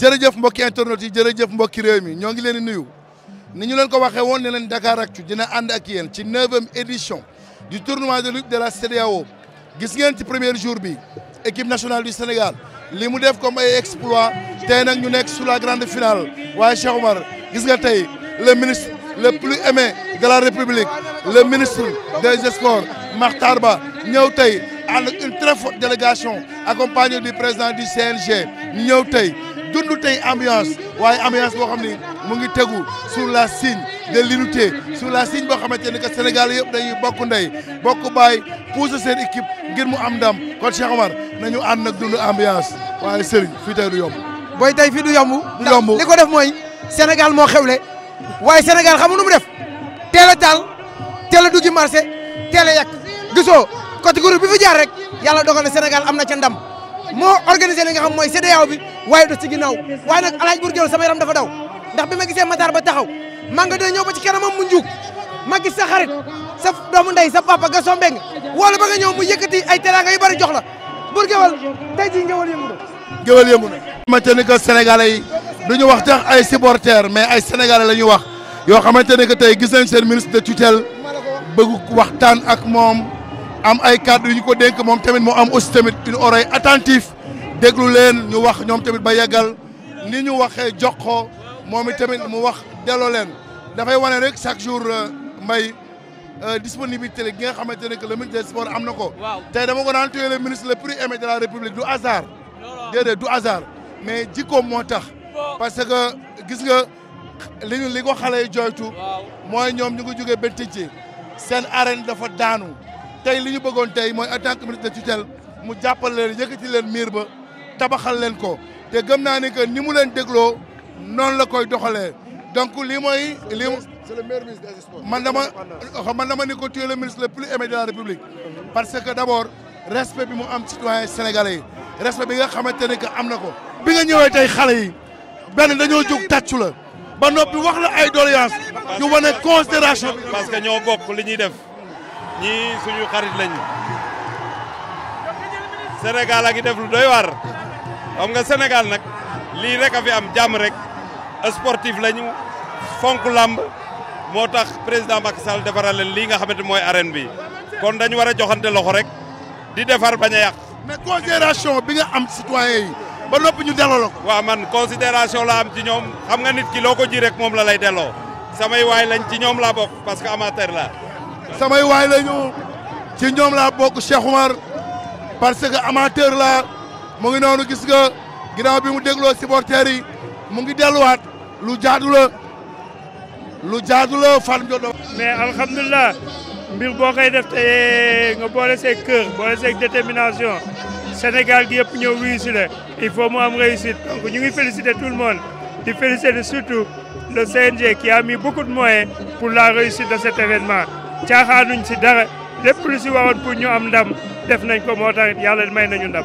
jërëjëf mbokki internet yi jërëjëf mbokki réew mi ñoo ngi leen nuyu ni ñu leen ko waxee woon ne leen Dakaractu dina ànd ak yéen ci 9e édition du tournoi de lutte de la CDAO gis ngeen ci premier jour bi équipe nationale du Sénégal li mu def comme ay exploit tey nag ñu nekk sur la grande finale waaye Cheikh Omar gis nga tey le ministre le plus aimé de la République le ministre des sports Makhtar Ba ñëw tey ànd une très forte délégation accompagnée du président du CNG ñëw tey dund tey ambiance waaye ambiance boo xam ni mu ngi tegu sur la signe de l'unité sur la signe boo xamante ni que Sénégal yëpp dañuy bokk ndey bokk baay pousse seen équipe ngir mu am ndam kon Cheikh Omar nañu ànd nag dund ambiance waaye Serigne fii tey du yomb. booy tey fii du yomb. du yomb li ko def mooy Sénégal moo xewle waaye Sénégal xamu nu mu def teel a taal teel a dugg marché teel a yàq gisoo catégorie bi fi jaar rek yàlla dogal na am na ca ndam moo organisé li nga xam bi. waaye do ci ginnaaw waaye nag alaaj bur géwél sama yaram dafa daw ndax bi ma gisee Matar ba taxaw manga day ñëw ba ci kanamam mu njuug ma gis sa xarit sa doomu ndey sa papa Gaston Mbengue wala ba nga ñëw mu yëkkati ay teraanga yu bari jox la bur géwél tey jii géwél yëngu na géwél na xamante ni que sénégalais yi wax tax ay supporters mais ay sénégalais la ñu wax yoo xamante ne que tey gis nañ seen ministre de tutelle bëgg waxtaan ak moom am ay cadre yu ñu ko dénk moom tamit moo am aussi tamit une oreille attentive déglu leen ñu wax ñoom tamit ba yeggal ni ñu waxe jox ko moom tamit mu wax delloo leen dafay wane rek chaque jour euh, mbay euh, disponibilité la gi nga xamante ne que le ministre des sports am na ko. tey dama ko naan tuyee le ministre le plus aimé de la république du hasard. déedéet du hasard mais jikkoom moo tax. parce que gis nga li ñu li ko xale yi jooytu. mooy ñoom ñu ngi jógee benn tëjee. seen arène dafa daanu. tey li ñu bëggoon tey mooy en tant que ministre de tutelle mu jàppale leen yëkkati leen miir ba. tabaxal leen ko te gëm naa ni que ni mu leen dégloo noonu la koy doxalee donc lii mooy. lii c'est le meilleur ministre des sports. man dama man dama ni ko tu es le ministre le plus aimé de République. parce que d'abord respect bi mu am citoyen sénégalais yi respect bi nga xamante ne que am na ko. bi nga ñëwee tey xale yi benn dañoo jóg tàccu la ba noppi wax la ay doléance ñu wane considération bi. parce que ñoo bokk li ñuy def ñii suñu xarit lañu Sénégal a ngi def lu doy waar. xam nga Sénégal nag lii rek a fi am jàmm rek sportif lañu fonk làmb moo tax président Macky sal defaral lii nga xamante mooy arène bi kon dañu war a joxante loxo rek di defar bañ a yàq. mais considération bi nga am citoyen yi ba noppi ñu delloo la ko. waaw man considération la am ci ñoom xam nga nit ki loo ko ji rek moom la lay delloo sama waay lañ ci ñoom laa parce que amateur la samay waay lañu ci ñoom bokk Cheikh Oumar parce que la mu ngi noonu gis nga ginnaaw bi mu dégloo supporters yi mu ngi delluwaat lu jaadu la lu jaadu la Fane Ndiondo. mais alhamdulilah mbir boo koy def te nga boole seeg kër boole seeg détermination Sénégal gi yëpp ñëw wuyu si la il faut mu am réussite donc ñu ngi féliciter tout le monde di féliciter surtout le CNG qui a mis beaucoup de moyens pour la réussite de cet événement caaxaanuñ si dara lépp lu si waroon pour ñu am ndam def nañ ko moo tax yàlla may nañu ndam.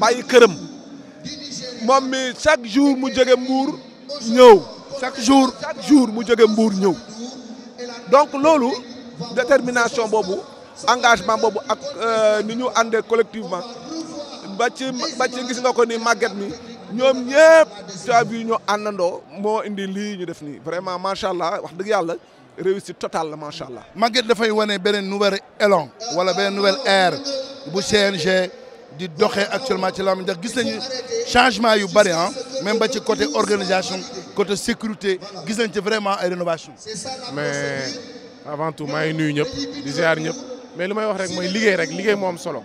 bàyyi këram moom mi chaque jour mu jóge mbuur ñëw chaque jour chaque jour mu jóge mbuur ñëw donc loolu détermination boobu engagement boobu ak euh, ni ñu collectivement ba ci ba ci gis nga ko ni màgget mi ñoom ñëpp saa bi ñu àndandoo moo indi lii ñu def nii vraiment macha allah wax dëgg yàlla réussite totale la macha allah. màgget dafay wane nouvelle élan wala beneen nouvelle air, bu CNG di actuellement ci ndax nañu changement hein, même côté organisation côté sécurité nañ ci vraiment ay rénovation mais avant tout di mais wax rek rek solo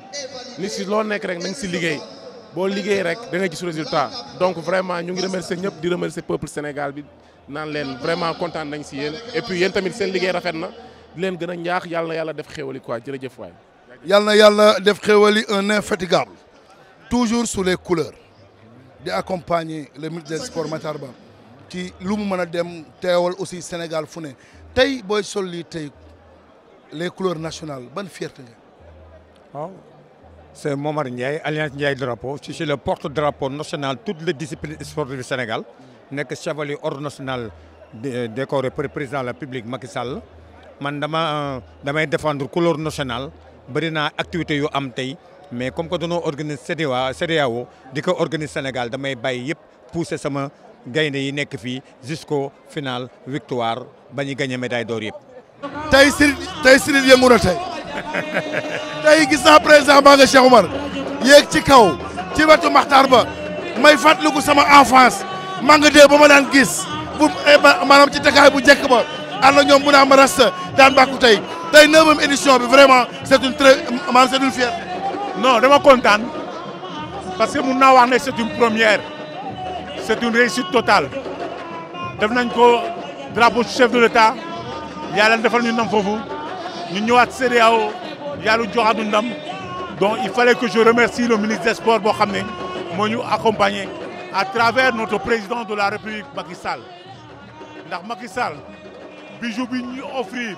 Ni si lo nek rek nañ si liguey bo rek da nga résultat donc vraiment ñu ngi remercier di remercier peuple Sénégal bi nan vraiment content nañ et puis yeen tamit seen liguey rafet na di il y a def un infatigable toujours sous les couleurs de accompagner le ministre des sports qui ci lu mu dem aussi Sénégal fu tay boy soli les couleurs nationales ban fierté oh, C'est mon Momar Ndiaye alliance Ndiaye drapeau je suis le porte drapeau national toutes les disciplines sportives du Sénégal le chevalier ordre national décoré par le président de la République Macky Sall man dama euh, damay défendre couleur bari naa activité yu am tey mais comme que danoo organise CEDEAO CEDEAO di ko organise Sénégal damay bàyyi yëpp pousser sama gaynde yi nekk fii jusqu'au final victoire ba ñu gagné médaille d'or tey Siré tey na tey tey gis naa président ba nga Cheikh Oumar yéeg ci kaw ci wetu Makhtar ba may fàttaliku sama enfance maa nga dee ba ma daan gis bu eh, maanaam ci takaay bu njëkk ba ànd ñoom bu naa ma rasta daan bàkku tey. C'est neuvième édition vraiment c'est une très maanaam c'est une fierté. non vraiment content. parce que mon naa c'est une première C'est une réussite totale def nañ ko drapeau chef de l' état yàlla defal ñu ndam foofu ñu ñëwaat CEDEAO yàlla joxaat ñu ndam donc il fallait que je remercie le ministre des sports boo qui nous à travers notre président de la république Macky Sall ndax Macky Sall bijou bi offrir.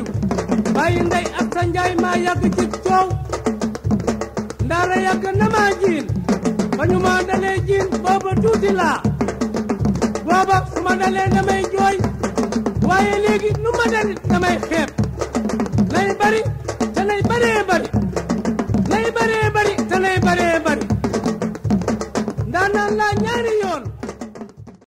bàyyi ndey ak sa njaay maa yàgg ci coow ndaara yàgg na maa jiin ba ma dalee jiin booba tuuti laa booba su ma dalee damay jooy waaye léegi nu ma dalit damay xeeb lay bari